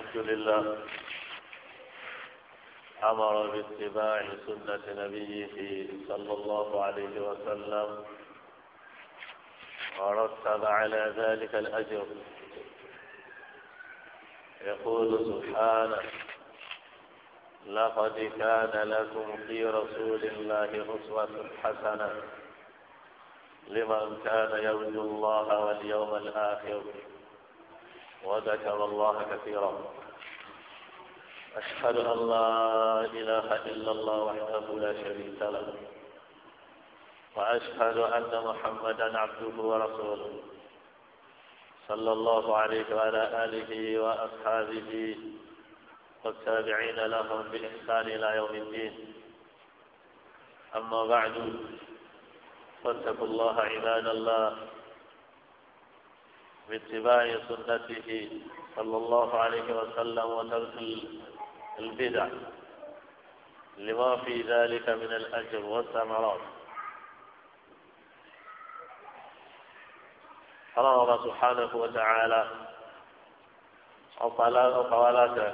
الحمد لله أمر باتباع سنة نبيه صلى الله عليه وسلم ورتب على ذلك الأجر يقول سبحانه لقد كان لكم في رسول الله أسوة حسنة لمن كان يرجو الله واليوم الآخر وذكر الله كثيرا أشهد أن لا إله إلا الله وحده لا شريك له وأشهد أن محمدا عبده ورسوله صلى الله عليه وعلى آله وأصحابه والتابعين لهم بإحسان إلى يوم الدين أما بعد فاتقوا الله عباد الله باتباع سنته صلى الله عليه وسلم وترك البدع لما في ذلك من الأجر والثمرات الله سبحانه وتعالى وقوالاته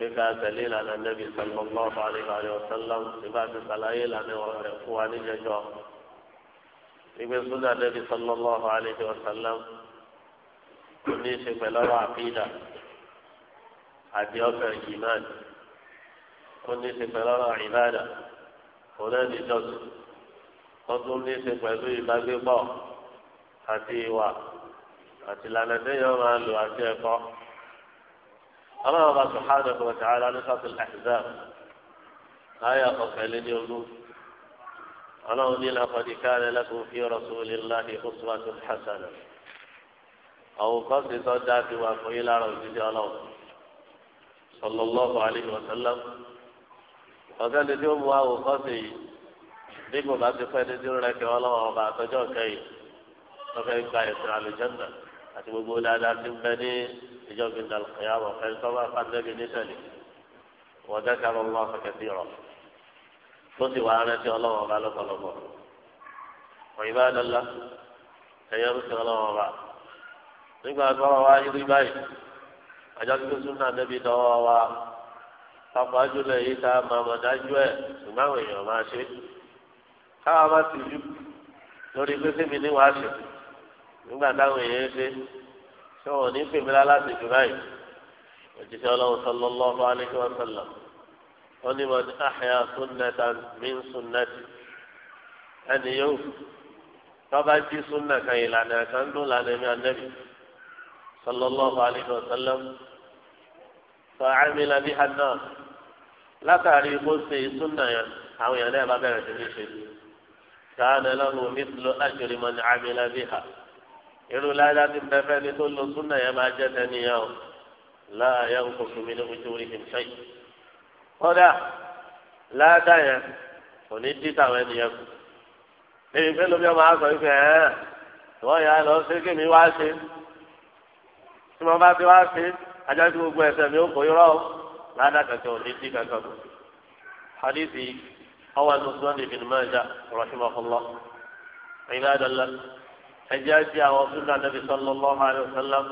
بك دليل على النبي صلى الله عليه وسلم لبعض الدلائل عن وعن جزاء ìgbẹ́ sọ́dà Nabi sallallahu alayhi wa sallam kò ní í ṣe pẹ̀lú ọ̀rọ̀ àkídà àti ọ̀fẹ́ ìmáàn kò ní í ṣe pẹ̀lú ọ̀rọ̀ ìbádà kò náà ní ìjọsìn kò tún ní í ṣe pẹ̀lú ìbágbépọ̀ àti ìwà àti ìlànà tẹ́yọ̀ máa lò àti ẹ̀kọ́. ọlọ́run bá sọ̀hánà kò tààrà ní sọ́tìlì àìsàn láyà ọ̀fẹ́ lé ní olú ọlọ́run ní laqad kana lakum fi rasulillahi uswatun hasanah àwòkọ́ sì tọ́ dá fi wà fún yín lára òjijì ọlọ́run sallallahu alayhi wa sallam ọ̀gá ni tí ó mú àwòkọ́ sí yìí bí kò bá ti pẹ́ ní tí ó rẹ̀ kí ọlọ́run ọba àtọ́jọ́ kẹ́yìn lọ́fẹ́ gba ẹ̀sìn àlùjànnà àti gbogbo dáadáa ti ń bẹ ní ìjọba ìdàlùkọ̀yà wọ̀ fẹ́ sọ́wọ́ afáńdẹ́bí nísẹ̀lẹ̀ wọ́n dẹ́ka lọ́wọ́ fẹ́kẹ́ sí ọ̀rọ̀ tó sì wà rántí ọlọ́wọ́ ọba lọ́pọ̀lọpọ̀ òyìnbá dọ́là ẹ̀yọ́ tó sì ọlọ́wọ́ ọba nígbà tó wà wá irú báyìí àjọ tó súnà débi dọ́wọ́ wa pàpà jùlọ èyí tá a máa mọ̀ dájú ẹ̀ ṣùgbọ́n àwọn èèyàn máa ṣe káwa má sì jù lórí pé sẹ́mi ní wàá ṣe nígbà táwọn èèyàn ṣe ṣé wọn ò ní pèmí lálásìkò báyìí òjíṣẹ́ ọlọ́run sọlọ́lọ́ọ́ wọ́n mọ̀ ní àhẹ́yà súnnẹ́ta mí súnnẹ́tì ẹni yóò tọ́ba jí súnnẹ́ kan ìlànà kan dún lànà mi ànẹ́bí sallallahu alayhi wa sallam fàámìlà bí hànà látàrí kó ṣe súnnẹ́ yẹn àwọn èèyàn náà bá bẹ̀rẹ̀ sí ní ṣe káàdà lọ́wọ́ mithlu ajri man amila biha irú ládá ti bẹ́fẹ́ ni tó lo súnnẹ́ máa jẹ́ tẹ́niyàn láàyè ń kó kọ́dà láàdá yẹn kò ní dí táwọn ènìyàn kù èyí pé lómi ọmọ àgbà yìí fẹ́ ẹ́ wọ́n yà á lọ sí kí mi wá ṣe tí mo bá fi wá ṣe ajáde gbogbo ẹsẹ̀ mi ó kò yọrọ láàdá kankan ò ní dí kankan kù hadithi awa nusrani bin maja rahimahullah ibadala ẹjẹ ajé àwọn sunna nabi sallallahu alayhi wa sallam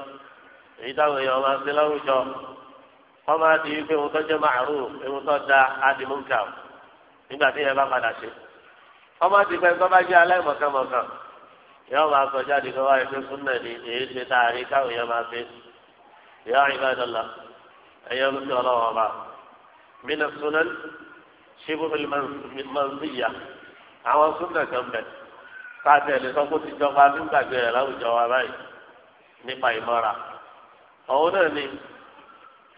èyí táwọn èèyàn máa ń wọ́n máa di pé ohun tó jẹ́ màrún ohun tó da adìmúkà nígbà tí yẹn bá padà ṣe wọ́n máa di pé tó bá jẹ́ aláìmọ̀kànmọ̀kàn yóò máa sọ jáde kó wáyé pé súnà ni èyí ṣe tá a rí káwọn yẹn máa fi yóò rí bá ẹ̀yọ́ ló fi ọlọ́wọ́ ọba mina súnà ṣíbú mọ̀nsíyà àwọn súnà kan bẹ̀ káàtì ẹ̀ lè sọ kó ti jọba nígbàgbé rẹ̀ láwùjọ wa báyìí nípa ìmọ̀ra òun náà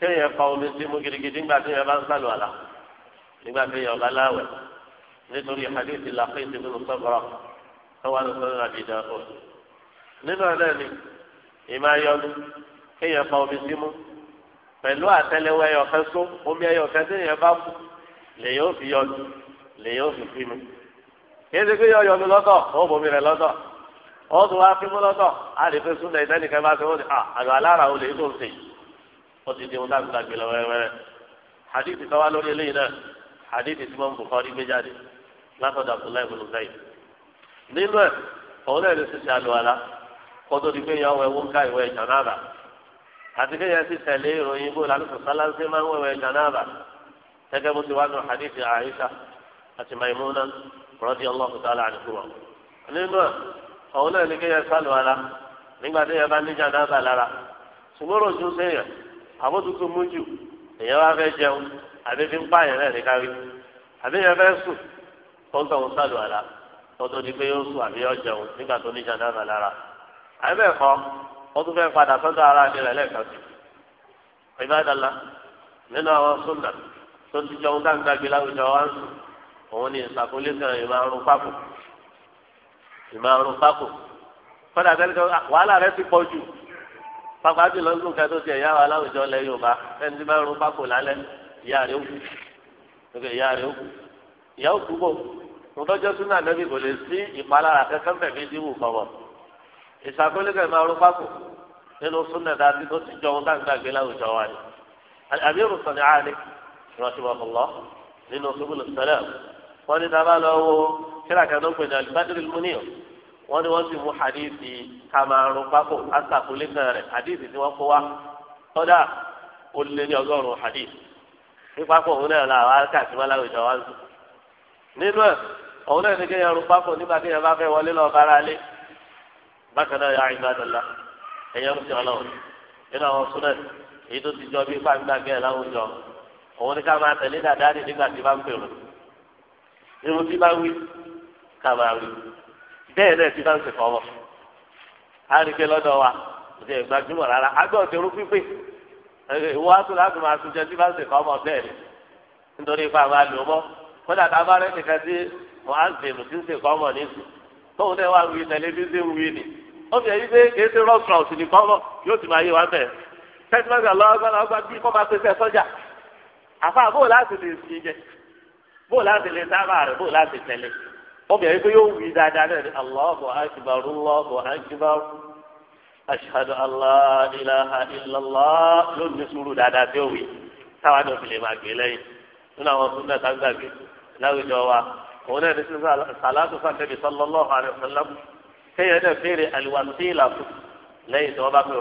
kéèyàn pa omi sí mú gidigidi nígbà téèyàn bá ń sàlù àlà nígbà téèyàn bá láwẹ̀ nítorí hadithi làkè ti fún sọ́kọ̀rọ̀ tó wà ní sọ́kọ̀rọ̀ àdìdà ò. nínú ọ̀dọ́ ni ìmọ̀ ayọ́nu kéèyàn pa omi sí mú pẹ̀lú àtẹlẹwọ ẹyọkẹ́ só omi ẹyọkẹ́ téèyàn bá kú lèyìn ó fi yọnu lèyìn ó fi fi mu. kí ẹsẹ̀ kéèyàn yọnu lọ́tọ̀ ó bomi rẹ̀ lọ́tọ̀ ó tún wá fi lọ́tọ̀ á lè fẹ́ sún ó ti di ohun láti gbàgbé lọ wẹ́rẹ́wẹ́rẹ́ hadith kan wá lórí eléyìí náà hadith tí wọ́n Bukhari gbé jáde látọ̀dọ̀ Abdullahi ibn Zayd nínú ẹ̀ òun náà ló ti ṣe àlùwàlá kótó di pé yẹn wọ ẹwọ́n ká ìwẹ̀ jànáàbà àti pé yẹn ti tẹ̀lé ìròyìn bó lálùkù sálánsẹ́ máa ń wọ ẹwẹ̀ jànáàbà gẹ́gẹ́ bó ti wá nù hadith Aisha àti Maimuna radiyallahu ta'ala anhuma nínú ẹ̀ òun náà ní kéèyàn sálùwàlá nígbà tí yẹn bá ní jànáàbà lára ṣùgbọ́n àbó tuntun mú jù fẹ́ jẹun àbí fi ń pààyàn náà ní kárí àbí èèyàn fẹ́ sùn tó ń tọ̀ àlá tọ́tún ni pé yóò sùn àbí yóò jẹun nígbà tó ní jàǹdà lára àbí bẹ́ẹ̀ kọ́ wọ́n tún fẹ́ padà sọ́dọ̀ ara ní rẹ̀ lẹ́ẹ̀kan sí i ìbádàlá nínú àwọn sùnnà tó ti jẹun dáńgbàgbé láwùjọ wa ń sùn òun ni ìsàkólé kan ìmọ̀-àrùn pákó ìmọ̀-àrùn pákó pàpà jùlọ ń gbòkè tó ti ẹ̀yà wa láwùjọ lẹ yorùbá ẹni tí máa ń rún pákó lálẹ́ ìyá rẹ̀ òkú òkè ìyá rẹ̀ òkú ìyá òkú bò ńdọ́jọ́ sínú ànábì kò lè sí ìpalára kẹ́kẹ́ mẹ̀mí tí wù kọ̀wọ̀ ìṣàkólégẹ̀ máa rún pákó nínú súnà dáadé tó ti jọ ohun tá à láwùjọ wa ni àbí rùsọ̀ ní àárẹ̀ wọ́n ní wọ́n sì mú hadithi kamarun pákó asàkúlé kan rẹ̀ hadithi tí wọ́n kó wa kọ́dà ó lé ní ọgọ́rùn-ún hadith ní pákó òun náà làwọn akáàtì wọn láwùjọ wa ń sùn. nínú ẹ̀ òun náà ní kéèyàn rún pákó nígbà kéèyàn bá fẹ́ wọlé lọ bára lé bákan náà yà ìgbàdàlá ẹ̀yẹ́ ń sọ̀rọ̀ nínú àwọn súnẹ̀ èyí tó ti jọ bí pàǹgbàgbé ẹ̀ láwùjọ òun ní ká máa tẹ̀lé dàdáàdì nígbà tí bá ń pèrò irun tí bá wí ká wí. bẹ́ẹ̀ náà ti bá ń lọ́dọ̀ wa gbajúmọ̀ rárá pípé láti máa tún bá ń bẹ́ẹ̀ ni nítorí ipa a nìkan tí wọ́n á ń tí ń sèkọ́ ọmọ nísì tóun náà wà wí tẹlifíṣìn wí ni ó fi èyí pé kì í ṣe ní yóò ti máa yé wa bẹ́ẹ̀ obìnrin pé yóò wí dáadáa náà ní Allahu akbar Allahu akbar ashhadu an la ilaha illallah ló ní sùúrù dáadáa tí ó wí táwa náà fi lè máa gbé lẹ́yìn nínú àwọn súnmọ́ ẹ̀ka gbàgbé láwùjọ wa òun náà ní sísè sàlátù fàtẹ́bí sallallahu alaihi wasallam kéèyàn náà fèrè àlùwàsílà fún lẹ́yìn tí wọ́n bá pè rò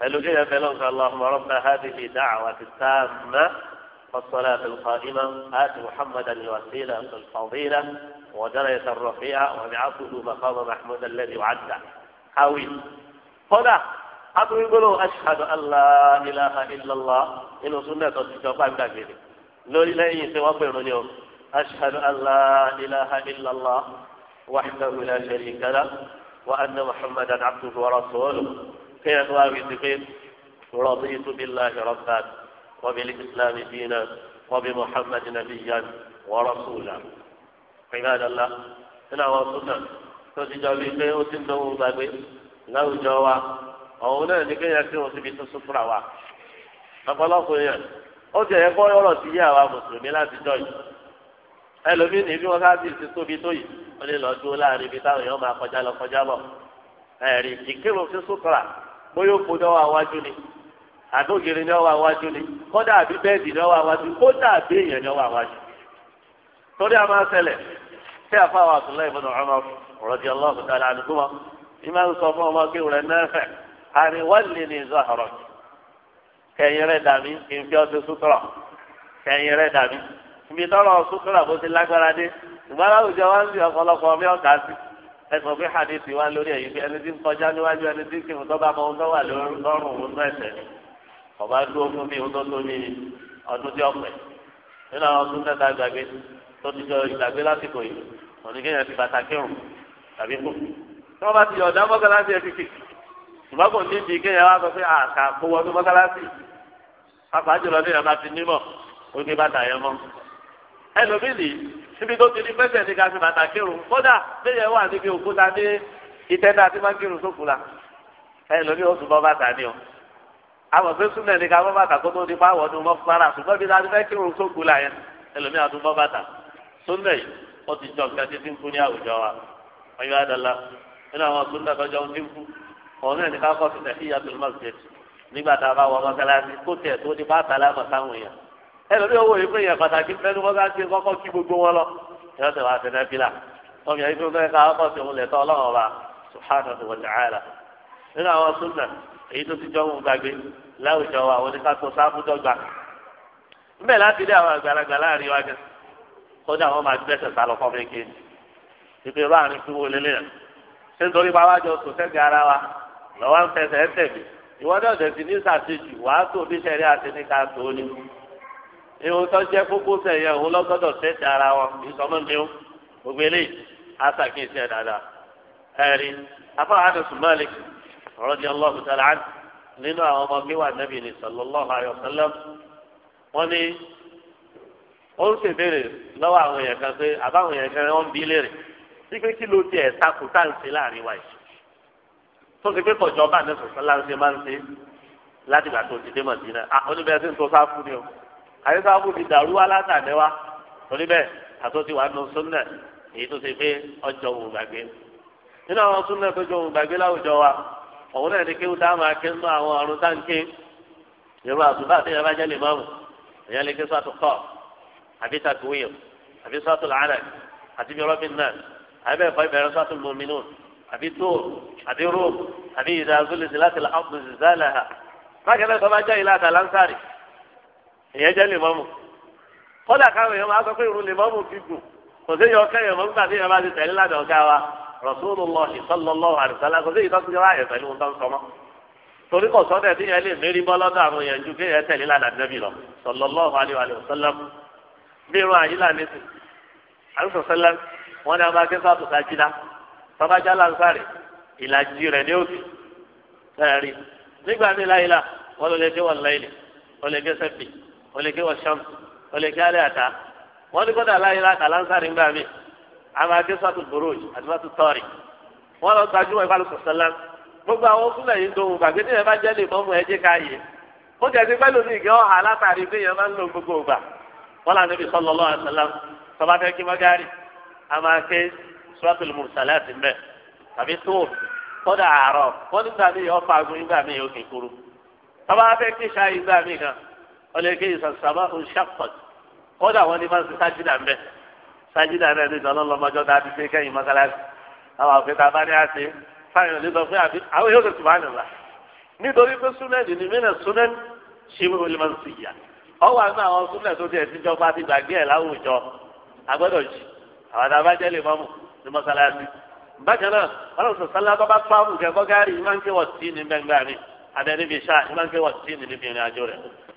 pẹ̀lú kéèyàn fẹ́ lọ́sọ̀ والصلاة القائمة آت محمدا الوسيلة الفضيلة ودرجة الرفيعة وبعثه مقام محمود الذي وعده حاوي هنا أقول يقولوا أشهد أن لا إله إلا الله إنه سنة الجواب كبير لو لا يتوفر اليوم أشهد أن لا إله إلا الله وحده لا شريك له وأن محمدا عبده ورسوله في كيف واجد رضيت بالله ربا وبالإسلام دينا وبمحمد نبيا ورسولا عباد الله هنا وصلنا تسجى بيكي وتنه بابي لو جوا أولا لكي يكون سبيت السفرة واحد ọ̀pọ̀lọpọ̀ yẹn ó ti ẹ̀kọ́ ọ̀rọ̀ ti yé àwa mùsùlùmí láti jọ yìí ẹlòmíì ní bí wọn ká bí ti tóbi tó yìí ó lè lọ dúró láàrin ibi táwọn èèyàn máa kọjá lọ kọjá bọ̀ ẹ̀rí ìkírun fi sútúrà bóyá ó kó dọ́wọ́ àwájú ni àtòkèrè ni ọwọ́ àwájú ni kódà àbí bẹ́ẹ̀dì ni ọwọ́ àwájú kódà àbí èèyàn ni torí a máa tí a fáwọn àtúnlẹ̀ ìbùdó ọmọ rọ̀dí sọ fún ọmọ kí ìzọ kẹyìn dàbí kí n fi kẹyìn dàbí ibi tọrọ bó ti lágbára dé ẹsùn hadithi wa lórí ẹni tí ń kọjá níwájú ẹni tí tọ́ bá mọ wà lọ́rùn ọba dúró fún mi ọdún tó mi ọdún tí ọpẹ nínú àwọn ọdún tẹta gbàgbé tó ti jọ ìgbàgbé lásìkò yìí ònìkéyàn ti bàtà kírun tàbí kù tí wọn bá ti yọ ọdá mọkànlásì ẹ kìkì ṣùgbọ́n kò ní ìdí kéèyàn wá sọ pé àkà kó wọnú mọkànlásì pàápàá jùlọ ní ìyàmá ti nímọ ó ní bàtà yẹn mọ ẹlòmíìlì níbi tó ti ní pẹ́sẹ̀ ní ká fi bàtà kírun kódà bẹ́ẹ̀ wà níbi òkúta ní ìtẹ́ta tí máa ń kírun sókùlà ẹlòmíì ó tún bọ́ bàtà ni o àmọ̀ pé súnmọ́ ẹni ká bọ́ bàtà kó tó di pa àwọn ọdún mọ́fúlára ṣùgbọ́n bí láti fẹ́ kírun tó kú láyẹn ẹlòmíì àdún bọ́ bàtà súnmọ́ yìí ó ti jọ nǹkan tí ti ń kú ní àwùjọ wa wọ́n yọ àdàlà nínú àwọn súnmọ́ tọ́jọ́ ń dínkù ọ̀hún ẹni ká kọ́ sílẹ̀ sí yàtọ̀ mọ́sídẹ̀ẹ́tì nígbà tá a bá wọ mọ́sálásí kó tiẹ̀ tó di pa àtàlámọ̀ sáwọn èèyàn ẹlòmíì owó yìí pé èèyàn pàtàkì fẹ́nu kọ́ sáà èyí tó ti jọ wọn gbàgbé láwùjọ wa àwọn oníkàtó sáfùdọ́gba ńbẹ láti rí àwọn àgbàlagbà láàrin wa gẹ̀ẹ́ kódà wọn máa gbẹ́sẹ̀ sálọ fún mi kí ni ìpè láàrin fún wọlé lẹ́yìn ṣé nítorí pa wájọ sùn sẹ́gbẹ̀ẹ́ ara wa lọ́wọ́ ń fẹsẹ̀ ẹ́ tẹ̀lé ìwọ́dọ̀ dẹ̀sí ní sàṣejù wàá tó bí sẹ́rí àti ní ká tó ní. ihun tó jẹ́ kókó sẹ̀yẹ òun lọ́gọ́dọ̀ sẹ́sẹ̀ ara wọn ìsọmọ́ mi ó gbogbo eléyìí á sàkíyèsí ẹ̀ dáadáa ẹ̀rí àdùsùn radiyallahu ta'ala anhu nínú àwọn ọmọ gíwà nẹ́bí ni sallallahu alayhi wa sallam wọ́n ní ó ń ṣèbéèrè lọ́wọ́ àwọn èèyàn kan pé àbáwọn èèyàn kan wọ́n ń bí léèrè sí pé kí ló tiẹ̀ takò tá à ń ṣe láàrin wa yìí tó ti pé kọ̀jọ́ bá ní sọ̀tọ́ láti máa ń ṣe láti gbà tó ti dé Mádínà oníbẹ̀rẹ̀ sí ń tó sáfù ni o àyè sáfù ti dàrú wá látàdẹ́wá oníbẹ̀ àtúntì wà nù súnnà èyí tó ti pé ọjọ́ òun gbàgbé nínú àwọn súnnà tó jọ òun gbàgbé láwùjọ wa òun náà ní kí wọ́n dáhùn akẹ́ nínú àwọn ọ̀run táǹkì yorùbá àtúbà àti yorùbá jẹ́lẹ̀ mọ́mù èèyàn lè ké sọ́tò kọ́ àbí takuwiyam àbí sọ́tò làánà àti bí rọ́bìn náà àbí ẹ̀fọ́ ìbẹ̀rẹ̀ sọ́tò mọ́mìnú àbí tó àbí rúm àbí ìdàzúlẹ̀ láti ọ̀pọ̀ zizálà ha kò sí yọ kẹyìn mọ nígbà tí yẹn bá ti tẹ̀lé ládàá ọ̀gá wa Rasulullah sallallahu alaihi wasallam kò sí yìí tó ti wá ẹ̀fẹ̀ ní nǹkan sọmọ torí kò sọ́dẹ̀ tí yẹn lè mérí bọ́ lọ́dọ̀ àwọn èèyàn ju kéèyàn tẹ̀lé ládàá nẹ́bí lọ sallallahu alaihi wasallam bí irun àyílà ní sùn àlùsọ sẹlẹ wọn ni a máa ké sọ àtúntà jìnnà tọ́bajá lansáré ìlàjì rẹ̀ ní òsì ẹ̀rí nígbà ní láyìlá wọn lè ké wọn láyìlì wọn lè ké sẹ́pì wọn lè ké wọn sọ́m wọn lè ké alẹ́ àtà wọ́n ní kọ́dà láyé láta lánsárì ńgbà mí àwọn akẹ́sọ́tù burúj àdìmọ́tù tọ́rì wọ́n lọ gbajúmọ̀ ìbálòpọ̀ sọ́lá gbogbo àwọn súnlẹ̀ yìí ń dohùn gbàgbé tí yẹn bá jẹ́ lè mọ́mú ẹ jẹ́ káyè ó jẹ́ ti pẹ́lú ní ìgẹ́ ọ̀hà látàrí pé yẹn máa ń lo gbogbo ògbà wọ́n là níbi sọ́lọ́ lọ́wọ́ àṣàlá tọ́ba fẹ́ kí mọ́gárì àwọn akẹ́ sọ́tù mùsàlẹ́ àti mẹ́ tàbí tóòf kọ́dà àárọ̀ wọ́n nígbà kódà wọn ní fásitì sájídà ń bẹ sájídà náà ní ìdáná lọmọjọ tá a ti gbé kẹ́yìn mọ́sálásí àwọn àfẹ tá a bá ní àṣẹ fáyọn lè sọ fún àbí àwọn yóò tètè wà nílá nítorí pé súnẹ́ẹ̀dì ni mí náà súnẹ́ẹ̀dì ṣé wọ́n lè máa ń sì yà ọwọ́ àná àwọn súnẹ́ẹ̀dì tó tiẹ̀ síjọba ti gbàgbé ẹ̀ láwùjọ agbọ́dọ̀ jì àwọn àtàbájẹ́ lè mọ́mù ní mọ́sálásí bákan náà ọlọ́run sọ̀sálá tó bá pàmò kẹ́kọ́ gáàrí ìmá ń ké wọ̀ sí ní gbẹ̀ngbà mi abẹ́rẹ́ bíi ṣáà ìmá ń ké wọ̀ sí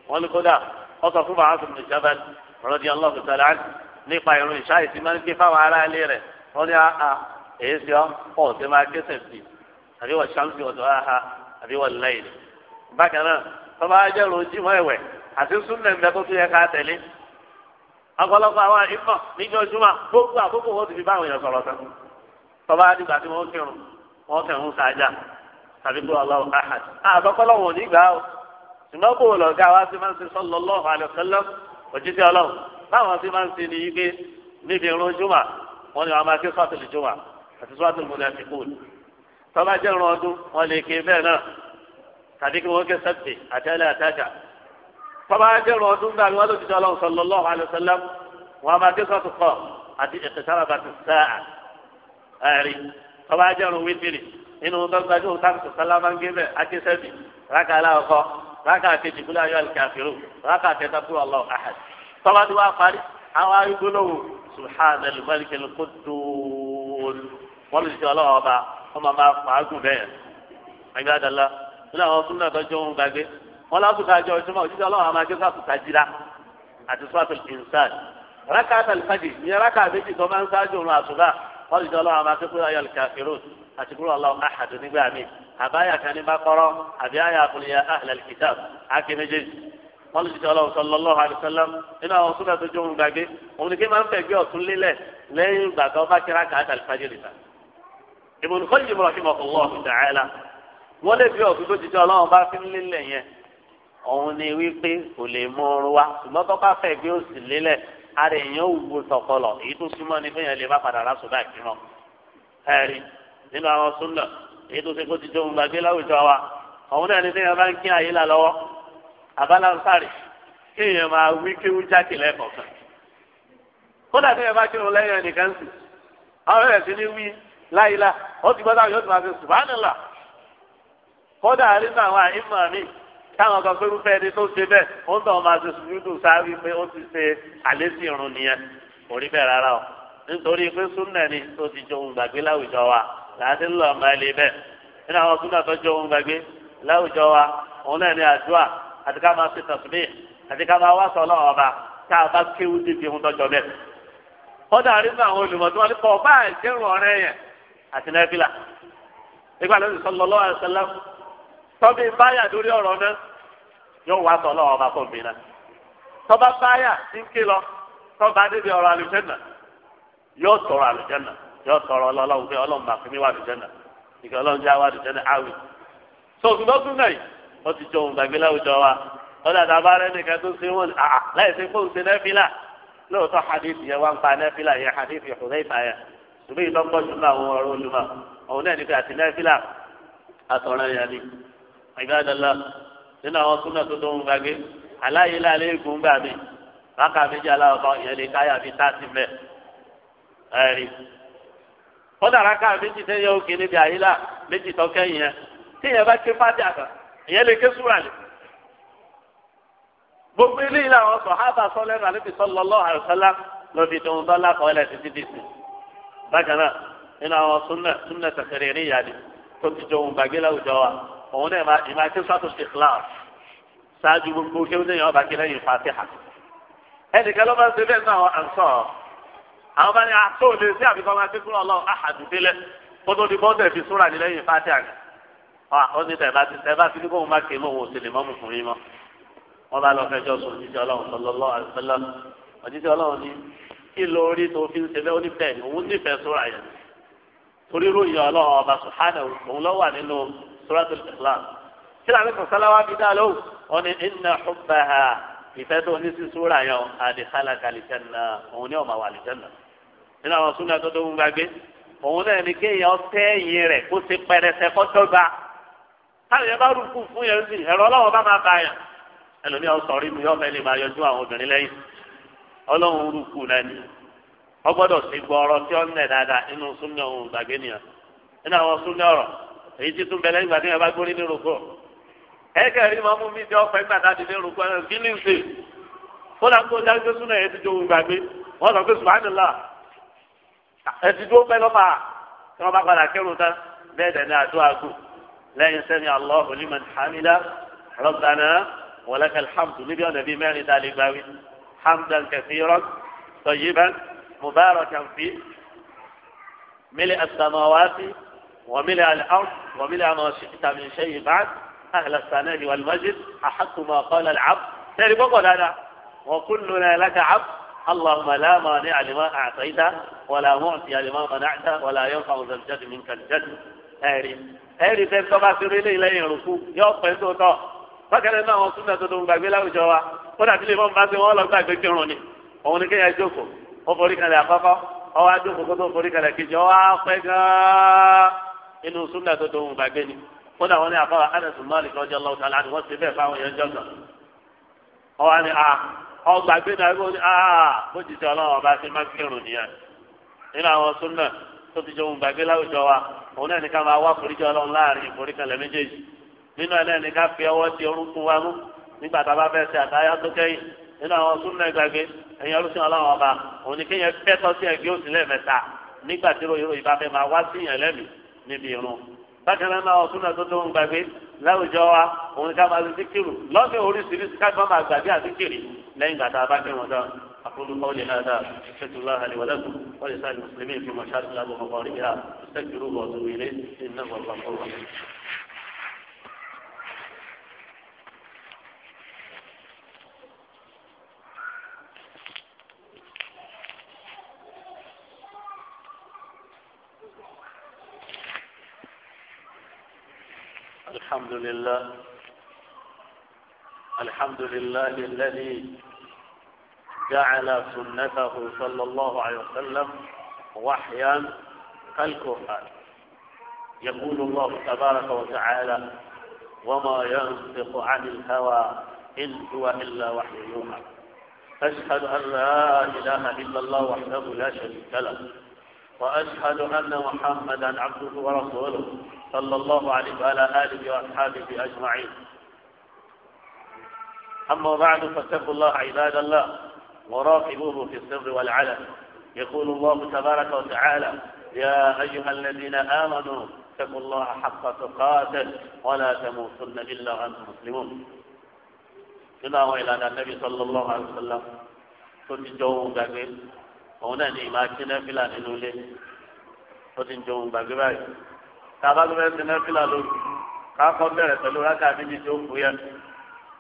wọ́n ní sọ rọ́dí ọlọ́ọ̀kú sọ̀rọ̀ àti nípa ìrun ìṣá ìsìn máa ń gbé fáwọn ará ilé rẹ̀ wọ́n ní àhà ah, ah, èyí sí ọ́ pọ̀ sí máa kéṣẹ̀ sí àbí wọ́n ṣàǹfì ọ̀dọ̀ àhà àbí wọ́n lẹ́yìn. bákan náà tọ́ba ajẹ́ rojú mọ́ ẹ̀wẹ̀ àti súnlẹ̀ ńbẹ tó tún yẹ ká tẹ̀lé. ọ̀pọ̀lọpọ̀ àwọn ìmọ̀ níjọ́ júmọ̀ gbogbo àkókò wọn ti fi báwọn èèyàn sọ̀rọ̀ tán. tọ́ba adìgbà tí òjijì ọlọ́run báwọn ti máa ń ṣe ni yí pé níbi irun jùmọ̀ wọ́n ní wọ́n máa ké sọ́ọ̀tì jùmọ̀ àti sọ́ọ̀tì mùnàfíkùn tọ́ba jẹ́ irun ọdún wọ́n lè ké bẹ́ẹ̀ náà tàbí kí wọ́n ké sẹ́pì àtẹ́lẹ̀ àtẹ́jà tọ́ba jẹ́ irun ọdún gbàgbé wọ́n lòdì ọlọ́run sallallahu alaihi wasallam wọ́n máa ké sọ́ọ̀tì kọ́ àti ìtẹ̀sára bàtì sáà ẹ̀rí tọ́ba jẹ́ irun wítìrì nínú gbọ́gbàdúró tábìtì sálámángébẹ̀ àti sẹ́pì rákà kejì kúlẹ̀ ayọ́ àlùkàfẹ́rù rákà kẹta kúrò ọlọ́ àhàd tọ́ba tí wàá parí àwọn arúgbólówó subhanal malikil qudus wọ́n lè ṣe ọlọ́wọ́ ọba wọ́n máa máa fàágùn bẹ́ẹ̀ ẹgbẹ́ àdàlá nínú àwọn súnmọ́ ìtọ́jú ohun gbàgbé wọ́n lásùkà àjọ ìṣúná òṣìṣẹ́ ọlọ́wọ́ àmàjẹ́ sàkùkà jìlá àti sọ́ọ̀tì ìnsán rákà àtàlùfàjì ìyẹn rákà méjì tó máa ń sáájú òun àṣùbà wọ́n lè ṣe ọlọ́wọ́ àmàjẹ́ kúrò ayọ̀ àbáyà kan ní bákọ́rọ́ àbí àyà àkùnìyà ahlal kitab ákè méjèèjì wọn lè jọ lọ́wọ́ sallallahu alaihi wasallam nínú àwọn súnà tó jóun gbàgbé òun ni kí máa ń fẹ̀gbẹ́ ọ̀tún lélẹ̀ lẹ́yìn ìgbà tó bá kíra kàtà alifájìrì ta Ibn Qayyim rahimahullahu ta'ala wọn lè fi ọ̀tún tó jíjọ Ọlọ́run bá fi lélẹ̀ yẹn òun ni wípé kò lè mú oorun wa ṣùgbọ́n tó bá fẹ̀gbẹ́ òsì lélẹ̀ ara èèyàn èyí tó ṣe kó ti jó ń gbàgbé láwùjọ wa òun náà ní sẹ́yìn bá ń kí àyè là lọ́wọ́ àbálánsárì kéèyàn máa wí kéwú jákè lẹ́kọ̀ọ̀kan kódà sẹ́yìn bá kírun lẹ́yìn ẹnìkan sì àwọn ẹ̀rẹ̀ sí ní wí láyìlá ó ti gbọ́dọ̀ yóò ti máa fi subhanallah kódà nínú àwọn àìmọ̀ mi táwọn kan pẹ́rú fẹ́ ẹni tó ṣe bẹ́ẹ̀ ó ń tọ́ máa ṣe sùúrù sáré pé ó ti ṣe àlésì irun nìyẹn kò rí bẹ́ẹ̀ rárá o nítorí pé súnà ni tó ti jogún gbàgbé láwùjọ wa láti ń lọ ọmọ ẹlẹ bẹ́ẹ̀ nínú àwọn súnà tó jọ ohun gbàgbé láwùjọ wa òun náà ní àdúrà àti ká máa ṣe tàṣùmí àti ká máa wá sọ ọlọ́run ọba tá a bá kéwú níbi ohun tó jọ bẹ́ẹ̀. kọ́dà rí fún àwọn olùmọ̀ tí wọ́n ní kọ́ ọba ìjẹ́rù ọ̀rẹ́ yẹn àti nẹ́fìlà. nígbà tó ti sọlọ lọ́wọ́ àṣẹlá tọ́bí báyà lórí ọ̀rọ̀ náà yóò wá sọ ọlọ́run ọba fún mi náà yọ tọrọ ọlọ́run pé ọlọ́run bá fi mí wà lùjẹ́ náà ìgbà ọlọ́run já wà lùjẹ́ náà àwìn. tó fi lọ́dún náà yìí wọ́n ti jọ òun gbàgbé láwùjọ wa wọ́n dàda bá rẹ nìkan tó ṣe wọ́n àà láì ṣe fóun ṣe nẹ́fìlà lóòótọ́ hadith yẹn wá ń pa nẹ́fìlà yẹn hadith yẹn fún ẹ̀fà yẹn ṣùgbọ́n ìlọ́pọ̀ jù náà wọ́n ọ̀rọ̀ olùmọ̀ òun náà ní pé àti nẹ́fìlà àtọ̀rọ̀ yẹn ni ìgbàdàlá nínú àwọn súnà tó tó ń gbàgbé aláyé lálẹ́ ègún gbà mí bákà méjì aláwọ̀ kan ìyẹn lè káyà mí tá kọ́dà raka méjì tẹ́ yẹ òkè níbi àyílà méjì tó kẹ́yìn yẹn tí yẹn bá ké fáti àtà ìyẹn lè ké súra lè. gbogbo eléyìí làwọn sàhábà sọ́lẹ̀ nàlẹ́bí sallallahu alaihi wasallam ló fi dùn tó lákọ̀ọ́lẹ̀ títí dìsí. bákan náà nínú àwọn súnà súnà tẹ̀sẹ̀rẹ̀ ní ìyáde tó ti dùn gbàgbé láwùjọ wa òun náà ìmọ̀ aké sọ́tò sí Ikhlas ṣáájú gbogbo kéwọ́n àwọn bá ní aṣọ ah, òde sí àbíkọ́ máa ké kúrò ọlọ́run ah, àhàdù délẹ̀ kó tó di bọ́ọ̀dẹ̀ fi súrà ní lẹ́yìn fátíà ni ah, ó ní tẹ̀ bá ti ní kó wọn ké mọ́ òun ò lè mọ́ fún yín mọ́ wọn bá lọ fẹjọ́ sùn òjíṣẹ́ ọlọ́run sọlọ́lọ́ àṣẹlá òjíṣẹ́ ọlọ́run ní kí ló rí tó fi ń ṣe bẹ́ẹ̀ ó ní bẹ́ẹ̀ ni òun nífẹ̀ẹ́ súrà yẹn torí ròyìn ọlọ́run ọba sùhánà òun lọ́wọ́ nínú àwọn súnà tó tó gbàgbé òun náà ní kéèyàn tẹ́ ẹ̀yìn rẹ̀ kó ṣe pẹrẹsẹ kọ́tọ́gba táwọn yẹn bá rúkú fún yẹn sí ẹ̀rọ ọlọ́wọ́ bá máa bàyàn ẹlòmíràn sọ̀rọ̀ inú yọ̀ mẹ́lẹ̀ máa yọjú àwọn obìnrin lẹ́yìn ọlọ́run ni wọ́n gbọ́dọ̀ sí gbọ́ tí ó ń nẹ̀ dáadáa inú súnmọ́ ohun gbàgbé nìyẹn nínú àwọn súnmọ́ ọ̀rọ̀ èyí tún ẹtì tó pẹ́ lọ́fà tí wọ́n bá padà kẹ́rù tán bẹ́ẹ̀ dẹ̀ ní àdúrà gùn lẹ́yìn sẹ́mi Allahu liman hamida rabbana wa lakal hamdu níbi ọ̀nà bíi mẹ́rin tá a lè gbáwí hamdan kathiran tayyiban mubarakan fi ملء السماوات وملء الأرض وملء ما شئت من شيء بعد أهل الثناء والمجد أحق ما قال العبد تاري بقول هذا وكلنا لك عبد اللهم لا مانع لما أعطيت ولا معطي لما منعت ولا ينفع ذا الجد منك الجد ẹ̀rí ẹ̀rí tẹ́ tọ́ bá ṣeré lé ilẹ̀ ìrùkú yóò pẹ́ tó tọ́ bákẹ́lẹ́ náà wọn súnmọ́ tuntun gbàgbé láwùjọ wa ó dàbí lè fọ́n bá ṣe wọ́n lọ gbàgbé kírun ni òun ni kéèyàn jókòó ó forí kalẹ̀ àkọ́kọ́ ó wá jókòó kó tó forí kalẹ̀ kejì ó wá pẹ́ gan-an inú súnmọ́ tuntun gbàgbé ni ó dà wọ́n ní àfọwọ́ adẹ̀sùn mọ́lì kọjá lọ́wọ́ ọgbà gbẹdà ẹgbẹ ọdún aa bó ti sọ Ọlọ́run ọba ṣe máa ń kírun nìyẹn nínú àwọn súnà tó ti jọ ohun gbàgbé láwùjọ wa òun náà ní ká máa wá foríjì Ọlọ́run láàrin ìforíkanlẹ̀ méjèèjì nínú ẹ náà ní ká fi ọwọ́ ti orúnkún wa mú nígbà tá a bá fẹ́ ṣe àtayá tó kẹ́yìn nínú àwọn súnà ìgbàgbé ẹ̀yin ọlọ́sìn Ọlọ́run ọba òun ni kéèyàn fẹ́tọ́ sí ẹgbẹ́ òsì lẹ́ẹ̀mẹ́ta nígbà tí ròyìn ròyìn bá fẹ́ máa wá sí yàn lẹ́mìí níbi irun bákan náà náà ọ̀tún لين بعد أباك أقول قولي هذا أشهد الله لي ولكم ولسائر المسلمين في مشارق الأرض ومغاربها استغفروه وأتوبوا إليه إنه هو الغفور الرحيم الحمد لله الحمد لله الذي جعل سنته صلى الله عليه وسلم وحيا كالقرآن يقول الله تبارك وتعالى وما ينطق عن الهوى إن هو إلا وحي يوحى أشهد أن لا إله إلا الله وحده لا شريك له وأشهد أن محمدا عبده ورسوله صلى الله عليه وعلى آله وأصحابه أجمعين أما بعد فاتقوا الله عباد الله وراقبوه في السر والعلن يقول الله تبارك وتعالى يا أيها الذين آمنوا اتقوا الله حق تقاته ولا تموتن إلا وأنتم مسلمون كما وإلى النبي صلى الله عليه وسلم كنت جوهم بقي هنا ما كنا فلا ننولي كنت جوهم بقي بقي تابعوا بقينا فلا لولي كاكم بقى تلوها كامل جوهم بقي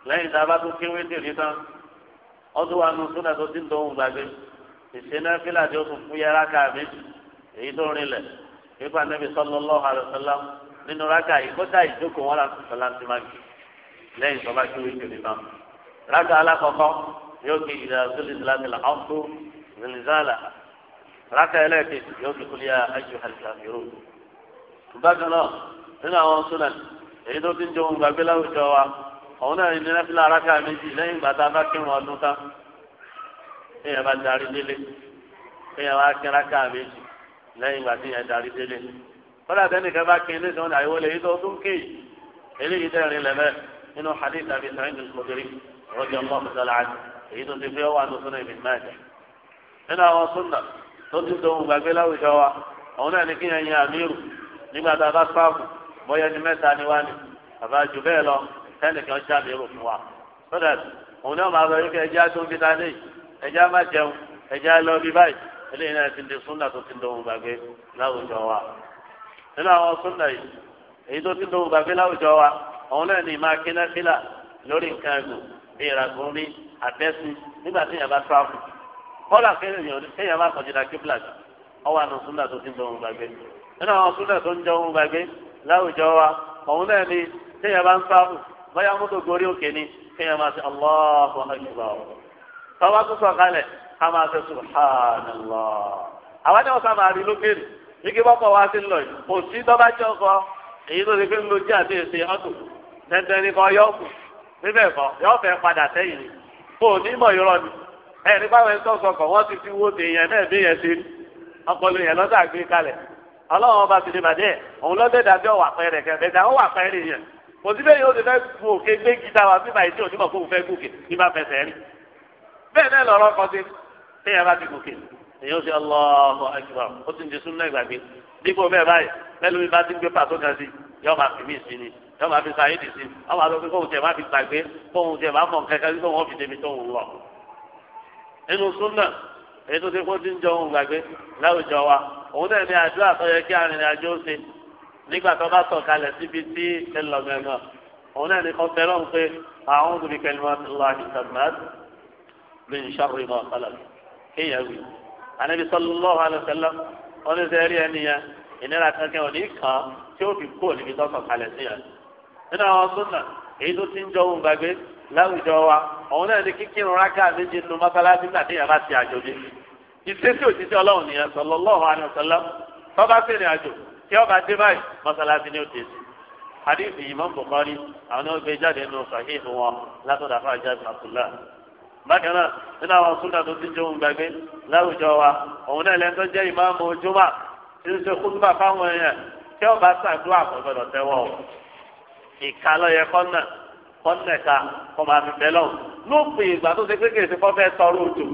لين تابعوا كيوين تلوها ọdún wa nù súnà tó ti ń lòun gbàgbé ìṣẹ́nà fílà tí ó tún fún yàrá káàbí èyí tó rinlẹ̀ nípa níbi sallallahu alaihi wasallam nínú rákà yìí kódà ìjókòó wọn láti sọlá ti máa gbé lẹ́yìn tó bá kí wíìkì nìkan rákà alákọ̀ọ́kọ́ yóò kí ìdá sólì ìsìlámì là ọ́n tó zilizala rákà ẹlẹ́ẹ̀kejì yóò kí kúlíà ayé alìsàmìrò bákan náà nínú àwọn ọ̀hún náà ní nẹ́fílà arákà méjì lẹ́yìn ìgbà tá a bá kírun ọdún tán èèyàn bá darí délé èèyàn bá kí arákà méjì lẹ́yìn ìgbà tí èèyàn darí délé kọ́lá tẹ́nìkan bá kí ilé sọ́nà àyẹ̀wò lẹ́yìn tó tún kéyì eléyìí tẹ̀rín lẹ́mẹ́ nínú hadith àbí sàrìn ìdòkòtòrí rọ́jò mọ́kùsọ̀lá àti èyí tó ti fi ọwọ́ àtúntò náà ìbìnnà ẹ̀jẹ̀ nínú àwọn súnà tó ti dohun gbàgbé láwùjọ wa àwọn náà ní kí yẹn yẹn àmírù nígbà tá a bá sáàbù bóyá ní mẹ́ta ni wá ní bàbá bẹ́ẹ̀ lọ sẹ́ni kan jáde rò fún wa sódà òun náà máa lọ yí kẹ́ ẹja tó ń bí dání ẹja má jẹun ẹja lọ bí báyìí eléyìí náà ti di súnà tó ti dòwò gbàgbé láwùjọ wa nínú àwọn súnà yìí èyí tó ti dòwò gbàgbé láwùjọ wa òun náà ní máa kí náfìlà lórí nǹkan ẹ̀gùn bí ìràgùn rí àbẹ́sí nígbà tí èèyàn bá tíráfù kọ́là kéèyàn bá kọjá kíbla jù ọwọ́ àna súnà tó ti dòwò gbàgbé nínú àwọn súnà tó ń jẹun gbàgbé láwùjọ wa òun náà ní kéèyàn bá ń tíráfù bóyá mú tó gorí òkè ni kéèyàn ṣe Allahu akbar tọ́wọ́ tó sọ kalẹ̀ ká máa ṣe subhanallah àwọn ẹni wọn sábà rí lókèrè igi bọ́kọ̀ wá sí lọ yìí kò sí tọ́ba jẹ́ ọkọ lo yọ yọ ni ni wo yẹn gbé ọba ti kò sí bẹ́ẹ̀ yóò ti fẹ́ gun òkè gbé gita wa bí báyìí tí òní mọ̀ kó fẹ́ gòkè ní bá fẹsẹ̀ rí bẹ́ẹ̀ náà lọ́rọ́ kan sí téèyàn bá ti gòkè èyí ó ṣe Allahu Akbar ó ti ń di súnmọ́ ìgbàgbé dípò bẹ́ẹ̀ báyìí bẹ́ẹ̀ lómi bá ti gbé pàtó kan sí yọ máa fi mí sí ni yọ máa fi sáyé dì sí ọmọ àti òkè kóhun tiẹ̀ má fi gbàgbé kóhun tiẹ̀ má mọ̀ kẹ́kẹ́ kí kóhun fi débi tó ń lọ. nínú súnmọ́ èyí nígbà tó bá sọ̀kalẹ̀ síbi tí ẹ lọ mẹ́mọ́ òun náà ní kan fẹ́ lọ́n pé àwọn òbí kẹlẹ́mọ́ ti lọ àṣìṣàgbọ́n bí nṣọ́rì mọ́ ọ̀kọ́lọ̀ kéèyàn wí. ànábi sallallahu alaihi wasallam wọn ní sẹ́rí ẹni yẹn ìnira kankan ò ní kàn tí ó fi kó níbi tó sọ̀kalẹ̀ sí yẹn. nínú àwọn súnà èyí tó ti ń jọ ohun gbàgbé láwùjọ wa òun náà ní kíkírun tí ọba dé báyìí mọ́sálásí ni ó ti sùn hadithi imam bukhari àwọn náà gbé jáde nínú sahih wọn látọ̀dọ̀ àfa jáde abdullah bákan náà nínú àwọn súnà tó ti jó ń gbàgbé láwùjọ wa òun náà lẹ́nu tó jẹ́ ìmáàmù ojúmọ́ tí ń ṣe kúndùbà fáwọn èèyàn tí ọba ṣàdúrà kò gbọdọ̀ tẹ́wọ́ o ìka lọ́yẹ kọ́nà kọ́nà ẹ̀ka kọ́ máa fi bẹ́ẹ̀ lọ́hùn lópin ìgbà tó ṣe pé kèsì kọ́ fẹ́ sọ̀rọ̀ òjò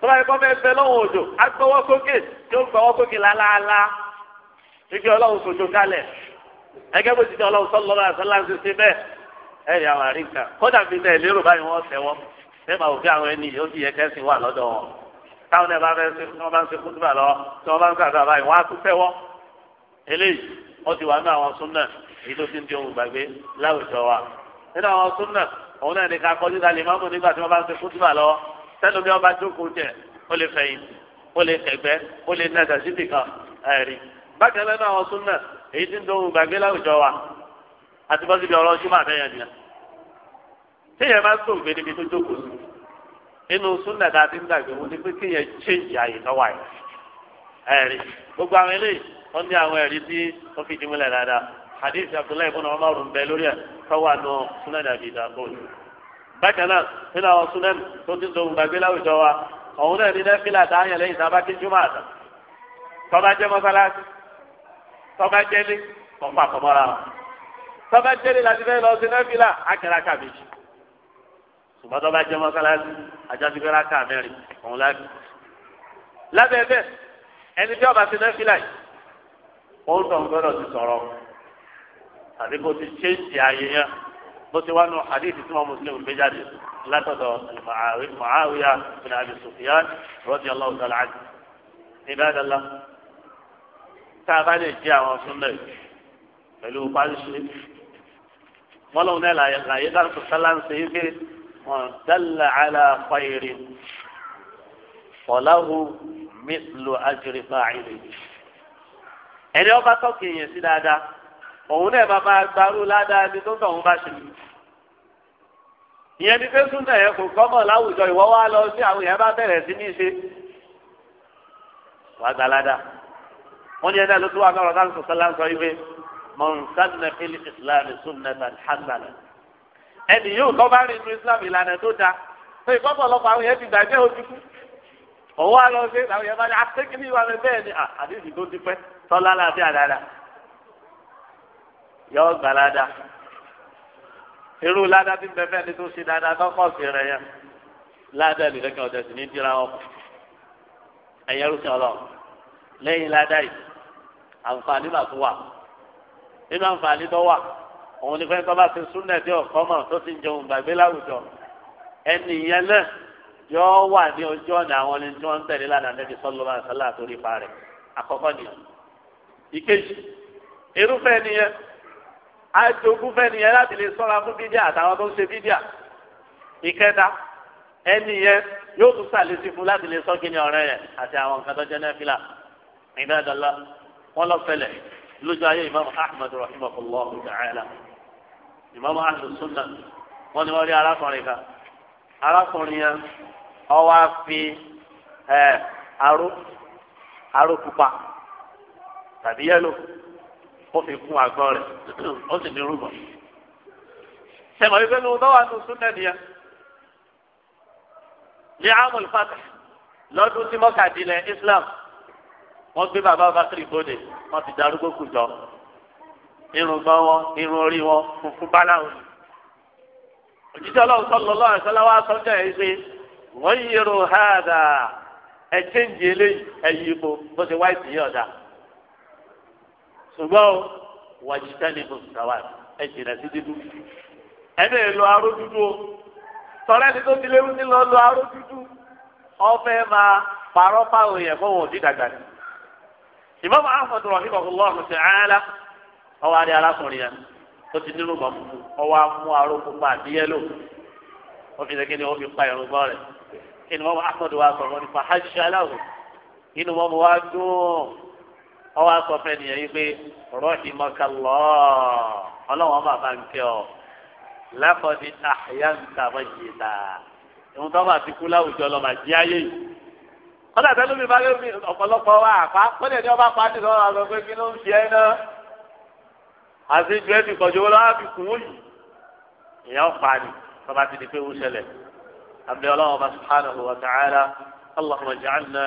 tó bá yẹ kọ́ fẹ́ bẹ́ẹ̀ lọ́hùn òjò agbọ́wọ́ sókè tí ó gbọ́wọ́ sókè lálálá ike ọlọ́run sojo kálẹ̀ ẹgẹ́ bó ti di ọlọ́run sọ́lọ́ bá sọ́lá ń ṣe bẹ́ẹ̀ ẹ yà wà rí nǹkan kódà fi bẹ́ẹ̀ lérò báyìí wọ́n tẹ̀ wọ́n ẹ máa òfin àwọn ẹni yìí ó sì yẹ kẹ́sìn wà lọ́dọ̀ wọn táwọn ẹ bá fẹ́ ṣe tí wọ́n bá ń ṣe kúndùbà lọ tí wọ́n bá ń ṣàdúrà báyìí wọ́n á tún tẹ́ wọ́n eléyìí wọ́n ti wà nínú àwọn súnà èyí tó ti ń di ohun gbàgbé láwùjọ wa nínú àwọn súnà òun náà ní ká kọjú dalè máa ń nígbà tí wọ́n bá ń ṣe kúndùbà lọ sẹ́nu bí wọ́n bá jókòó jẹ ó lè fẹ̀yìn ó lè kẹ̀gbẹ́ ó lè nàgàsíbì kan ẹ̀rí bákan náà àwọn súnà èyí tí ń dohun gbàgbé láwùjọ wa àti bọ́ síbi ọ̀rọ̀ ṣúmọ̀ àfẹ́yàn nìyà téèyàn bá tó gbé níbi tó jókòó sí inú súnà tá a ti ń gbàgbé wọn ni pé kéèyàn chéǹjì àyè lọ́wọ́ àyè ẹ̀rí gbogbo àwọn eléyìí wọ́n ní àwọn ẹ̀rí tí wọ́n fi jimúlẹ̀ dáadáa hadith abdullahi ibn umar ń bẹ lórí ẹ̀ tọ́wọ́ àná súnà dàbí ìdàgbò bákan náà nínú àwọn súnà tó ti dohun gbàgbé láwùjọ wa òun náà ní nẹ́fílà tá a yàn lẹ́yìn tá a bá kí jùmọ̀ tọ́ba jẹ́lé ọ̀pá àkọ́mọ́ra wọn tọ́ba jẹ́lé láti fẹ́ lọ sí nẹ́fìlà akẹ́rẹ́ aka méjì ṣùgbọ́n tọ́ba jẹ́ mọ́sálásí ajásígbẹ́rẹ́ aka mẹ́rin òun lábẹ́ lábẹ́ bẹ́ẹ̀ ẹni tí ọba sí nẹ́fìlà yìí òun tó ń gbọ́dọ̀ ti sọ̀rọ̀ tàbí kó ti ṣéǹtì ayé yẹn bó ti wá nù hadithi tí wọn mùsùlùmí gbé jáde látọ̀dọ̀ Muawiya bin Abi Sufyan radiyallahu ta'ala anhu ibadallah tá a bá lè jẹ àwọn súnlẹ̀ pẹ̀lú pàṣẹ wọn lòun náà láyé láyé dárúkọ sálá ń ṣe é pé wọn dálà àlà fàyèrè fọláhu mílò àjèrè fàáyèrè ẹni ọba tọkì yẹn sí dáadáa òun náà bá máa gbarú ládàá ẹni tó ń tọ̀ bá ṣe ìyẹn ni pé súnà yẹn kò kọ́mọ̀ láwùjọ ìwọ́ wa lọ sí àwọn yẹn bá bẹ̀rẹ̀ sí ní ṣe wàá gbalada wọ́n ní ẹ̀dá ló tó wà náà rọ̀dá lọ́sọ̀ sọ́lá ń sọ wípé mọ̀nsánná fílì ìsìláàmì súnnàtà hasana. ẹnì yóò tọ́ bá rí inú ìsìláàmì ìlànà tó da pé ìkọ́pọ̀lọpọ̀ àwọn yẹn ti gbàgbé ojúkú. òun wá lọ yẹn bá ní akékèké wà mí bẹ́ẹ̀ ni ah, àdéhùn tó ti pẹ́ tọ́lá láti àdáda. yọ gbàládà irú ládà tí bẹ́ẹ̀ bẹ́ẹ̀ ni tó ṣe dáadáa tó kọ̀ sí rẹ̀ yẹn ládà lẹ́yìn ládà yìí àǹfààní là tó wà nínú àǹfààní tó wà òun ni fẹ́ẹ́ tó bá ti súnà tí ọ̀kọ́ mọ̀ tó ti jẹun gbàgbé láwùjọ ẹni ìyẹn náà yọ wà ní ojú ọ̀nà àwọn ẹni tí wọ́n ń tẹ̀lé lánàá nẹ́bí sọ́lọ́ bá sọ́lá àtòrí ipa rẹ̀ àkọ́kọ́ nìyẹn ìkejì irúfẹ́ nìyẹn àjogúnfẹ́ nìyẹn láti lè sọ́ra fún bídíà àtàwọn tó ń ṣe bídíà ìkẹta ẹni yẹn yóò tún sàlẹ̀ sí fún láti lè sọ́ ọ̀rẹ́ yẹn àti àwọn nǹkan tó jẹ́ náà fìlà ìdájọ́ wọn lọ fẹlẹ lójú ayé imam ahmed rahimahullah ta'ala imam ahmed sunna wọn ni wọn rí arákùnrin kan arákùnrin yẹn ọwọ àfi ẹ pupa tàbí yẹlò ó fi kún àgbọn rẹ ó sì ní rúbọ sẹmọ ló sunna nìyẹn ní islam. wọ́n gbé bàbá bakiri bóde wọ́n ti darúgbó kù jọ irun wọn irun orí wọn funfun bala ni. òjijì ọlọ́run sọ́lọ́ lọ́wọ́ àṣọláwá sọ́jà yìí pé wọ́n yí irun háàdà ẹ chéǹjì eléyìí ẹ̀yí ipò bó ṣe wáìtì yìí ọ̀dà. ṣùgbọ́n o sí dídú. dúdú o sọ̀rọ̀ ẹni tó ọ fẹ́ máa fáwọn èèyàn Imam Ahmad rahimahullah ta'ala ọwọ́ adé alákùnrin yẹn tó ti nínú gbọ̀n fún ọwọ́ amú aró pupa àti yẹ́lò wọ́n fi lẹ́kẹ́ ni wọ́n fi pa ẹ̀rù gbọ́ rẹ̀ kí ni Imam Ahmad wa sọ̀rọ̀ nípa hajj aláwọ̀ inú mọ́mú wa dùn ọwọ́ akọ̀fẹ́ nìyẹn yìí pé rahimakallah ọlọ́wọ́n bàbá ń kẹ́ ọ laqad ahyanta mayyita ìwọ̀n tó bá ti kú láwùjọ lọ́mà jí ayé yìí wọ́n dàtẹ́ lómi bá lómi ọ̀pọ̀lọpọ̀ wa àpá wọ́n dẹ̀ ní ọba pàdé lọ́wọ́ àwọn pé kí ló ń fi ẹ́ náà àti ju ẹ́ ti kọjú wọn lọ́wọ́ fi kùn wọ́n yìí ìyá ọ̀pá ni bàbá ti di pé ó ṣẹlẹ̀ àbí ọlọ́wọ́ bá subhanahu wa ta'ala allahumma ja'alna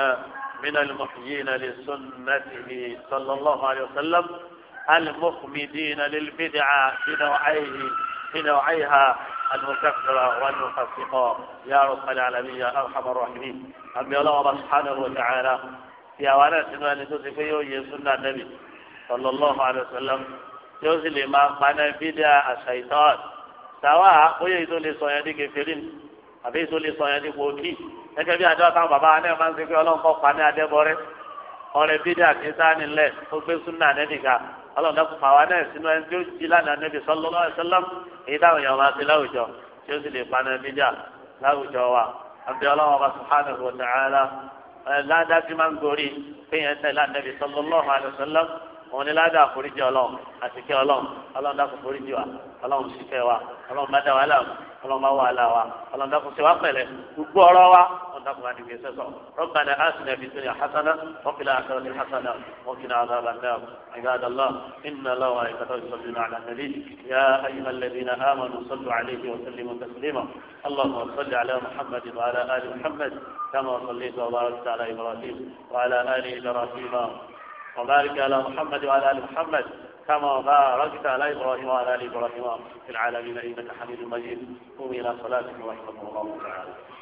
min al-muhyina li sunnatihi sallallahu alayhi wa sallam al-mukhmidina lil bid'a bid'aihi bid'aiha al-mukaffira wal-mufassiqa ya rabbal alamin ya arhamar rahimin àmì ọlọ́wọ́ bá sùhánù wò sàárà tí àwa náà sínú ẹni tó ti pé yóò yẹ súnà nẹ́bì sallallahu alaihi wasallam tí ó sì lè máa paná bídà àṣàìtàn sàwa bóyá èyí tó lè sọ yẹn ní kẹfìrín àbí èyí tó lè sọ yẹn ní gbòógì gẹ́gẹ́ bí àdúrà táwọn bàbá náà máa ń ṣe pé ọlọ́nkọ́ paná adẹ́bọrẹ́ ọrẹ bídà kì í sáni lẹ̀ tó gbé súnà nẹ́nìkà ọlọ́dọ̀kùn àbí ọlọ́wọ́ bá subhanahu wa ta'ala ládàá ti máa ń gorí kéèyàn tẹ̀lé ànábì sallallahu alaihi wasallam òun ni ládàá àforíjì ọlọ́run àtìkẹ́ ọlọ́run ọlọ́run dákun foríjì wa ọlọ́run ṣìkẹ́ wa ọlọ́run bá dá wa láàmú ọlọ́run bá wà láwa ọlọ́run dákun ṣe wá pẹ̀lẹ́ gbogbo ọ̀rọ̀ wa ọlọ́run dákun wàá dìgbẹ́ sẹ́sọ̀ rọ́bàdà àṣìlẹ̀ fi sẹ́yìn hasana wọ́pìlà àkàrọ̀tì hasana wọ́kìnà àdàbà náà عباد الله إن الله وملائكته يصلون على النبي يا أيها الذين آمنوا صلوا عليه وسلموا تسليما اللهم صل على محمد وعلى آل محمد كما صليت وباركت على إبراهيم وعلى آل إبراهيم وبارك على محمد وعلى آل محمد كما باركت على إبراهيم وعلى آل إبراهيم في العالمين إنك حميد مجيد قوم إلى صلاتك ورحمه الله تعالى